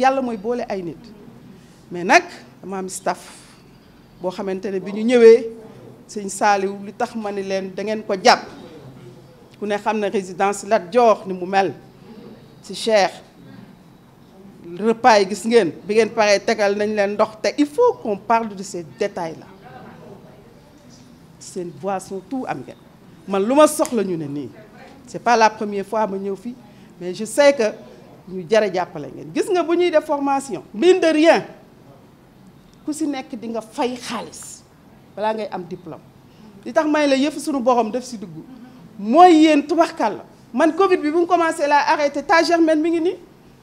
yalla moy bolé ay nit mais nak dama staff bo xamante biñu ñëwé ñu saliw li tax ma ni da ngeen ko japp ku ne xamna résidence la Dior ni mu mel ci cheikh repas yi gis ngeen bi ngeen paré tegal nañ leen ndox te il faut qu'on parle de ces détails là seen boisson tout am ngeen man luma soxla ñu né ni c'est pas la première fois ma ñëw fi mais je sais que ñu jare jàppale ngeen gis nga bu ñuy def formation mine de ku si nekk di nga fay xaalis balaa ngay am diplôme li tax may la yëf suñu borom def si dugg mooy yéen tubaxkal la man Covid bi bu mu commencé laa arrêté ta Germaine mi ngi nii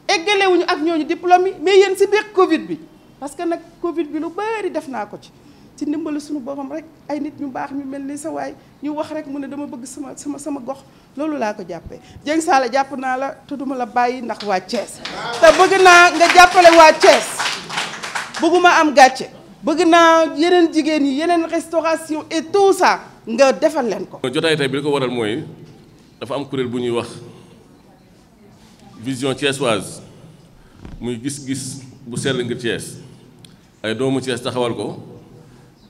eggalewuñu ak ñooñu diplôme yi mais yéen si biir Covid bi parce que nag Covid bi lu bari def naa ko ci ci ndimbalu suñu borom rek ay nit ñu baax ñu mel ni sa waay ñu wax rek mu ne dama bëgg sama sama sama gox loolu laa ko jàppee Dieng Saala jàpp naa la te duma la bàyyi ndax waa Thiès te bëgg naa nga jàppale waa Thiès bëgguma am gàcce bëgg naa yeneen jigéen yi yeneen restauration et tout ça nga defal leen ko jotaay tey bi li ko waral mooy dafa am kuréel bu ñuy wax vision thiessoise muy gis-gis bu sell ngir Thiès ay doomu Thiès taxawal ko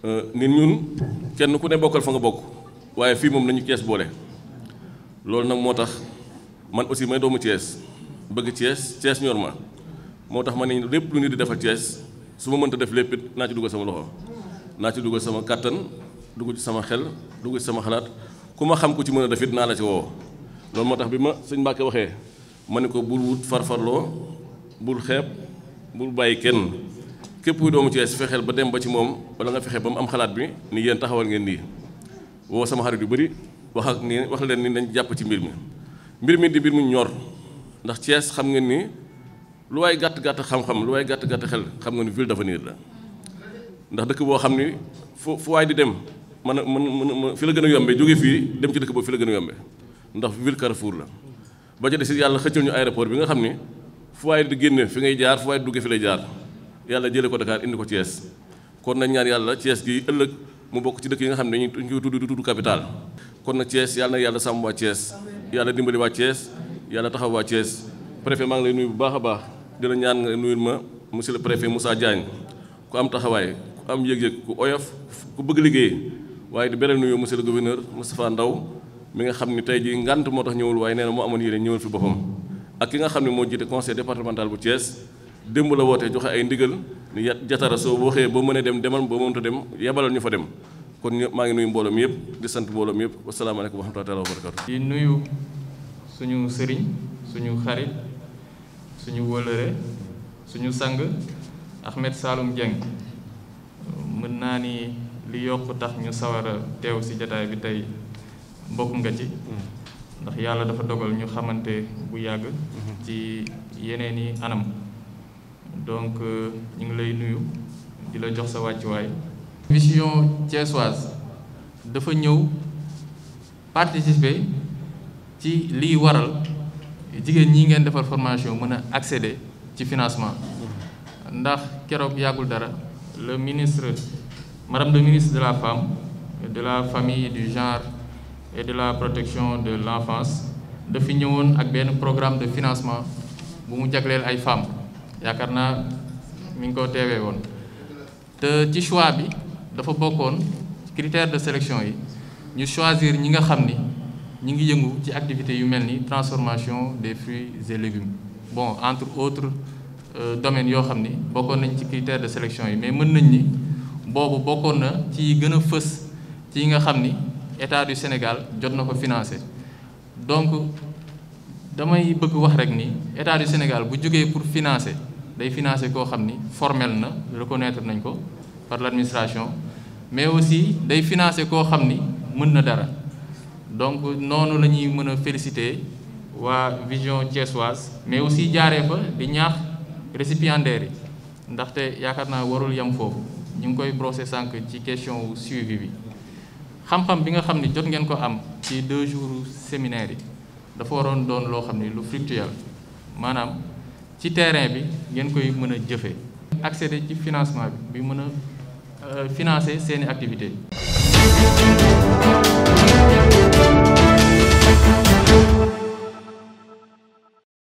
Euh, nit ñun kenn ku ne bokkal fa nga bokk waaye fii moom nañu Thiès boole loolu nag moo tax man aussi may doomu ties bëgg ties ties ñor ma moo tax ma ne lépp lu nit di defal ties su ma mënta def lépp it ci dugal sama loxo naa ci dugal sama katan dugg ci sama xel dugg ci sama xalaat Kuma ma xam ku ci mën a def it naa la ci woo loolu moo tax bi ma sëñ Mbàkke bul wut farfarloo bul xeeb bul bàyyi kenn képp kuy doomu Thiès fexeel ba dem ba ci moom wala nga fexe ba mu am xalaat bi ni yéen taxawal ngeen nii woo sama xarit yu bari wax ak ni wax leen ni nañ jàpp ci mbir mi mbir mi di mbir mu ñor ndax cees xam ngeen ni lu waay gàtt-gàtt xam-xam lu waay gàtt-gàtt xel xam nga ni ville d'avenir la ndax dëkk boo xam ni fu fu waay di dem mën a mën fi la gën a yombe jóge fii dem ci dëkk boobu fi la gën a yombe ndax ville Carrefour la ba ci des yàlla xëccal ñu aéroport bi nga xam ni fu waay di fi ngay jaar fu waay lay jaar yalla jële ko Dakar indi ko yes kon na ñaan ci yes gi ëlëk mu bok ci dëkk yi nga xam ñu tuddu tuddu di capital kon na yes yalla na sam wa ci yes yalla dimbali ci yes yalla taxaw ci yes préfet ma ngi lay nuyu bu baaxa baax di la ñaan nga nuyu ma monsieur le préfet Moussa Diagne ku am taxaway ku am yeg yeg ku oyof ku bëgg liggéey waaye di beral nuyu monsieur le gouverneur Moustapha Ndaw mi nga xam tay ji ngant mo tax ñëwul waaye nee mo amone amoon yéene ñëwal fi boppam ak ki nga xam mo jité conseil départemental bu Thiès dembu la wote joxe ay ndigal ni ya- jatara so boo xëyee boo dem demal bo mënta dem yebalal ñu fa dem kon ma ngi nuyu mbolam yeb yëpp di sant mbooloo mi yëpp alaykum wa rahmatullahi wa barakatuh di nuyu suñu serigne suñu xarit suñu wolere suñu sang Ahmed salum jeng mën na ni li yok tax ñu sawar tew ci si bi tay mbokk nga ci mm. ndax yalla dafa dogal ñu xamanté bu yag mm-hmm. ci yeneeni anam donc euh, ñu ngi lay nuyu di la jox sa La vision thiessoise dafa ñëw participer ci Nous waral jigéen ñi ngeen defal formation mën accéder ci financement ndax keroog yàggul dara le ministre madame le ministre de la femme de la famille du genre et de la protection de l'enfance dafa ñëwoon ak programme de financement bu mu jagleel ay femmes yaakaar naa mu ngi ko teewee woon te ci choix bi dafa bokkoon critère de sélection yi ñu choisir ñi nga xam ni ñi ngi yëngu ci activité yu mel ni transformation des fruits et légumes bon entre autres euh, domaines yoo xam ni bokkoon nañ ci critère de sélection yi mais mën nañ ni boobu bokkoon na ci gën a fës ci yi nga xam ni état du Sénégal jot na ko financé donc damay bëgg wax rek ni état du Sénégal bu jógee pour financer day financer koo xam ni formel na reconnaître nañ ko par l'administration mais aussi day financer koo xam ni mën na dara donc noonu lañuy ñuy mën a féliciter waa vision thiessoise mais aussi jaaree fa di ñaax récipiendaires yi ndaxte yaakaar naa warul yam foofu ñu ngi koy brosser sànq ci question wu suivi bi xam-xam bi nga xam ni jot ngeen ko am ci deux jours séminaire yi dafa waroon doon loo xam ni lu fructueux maanaam ci terrain bi ngeen koy mën a jëfee accéder ci financement bi bi mën a euh, financer seeni activité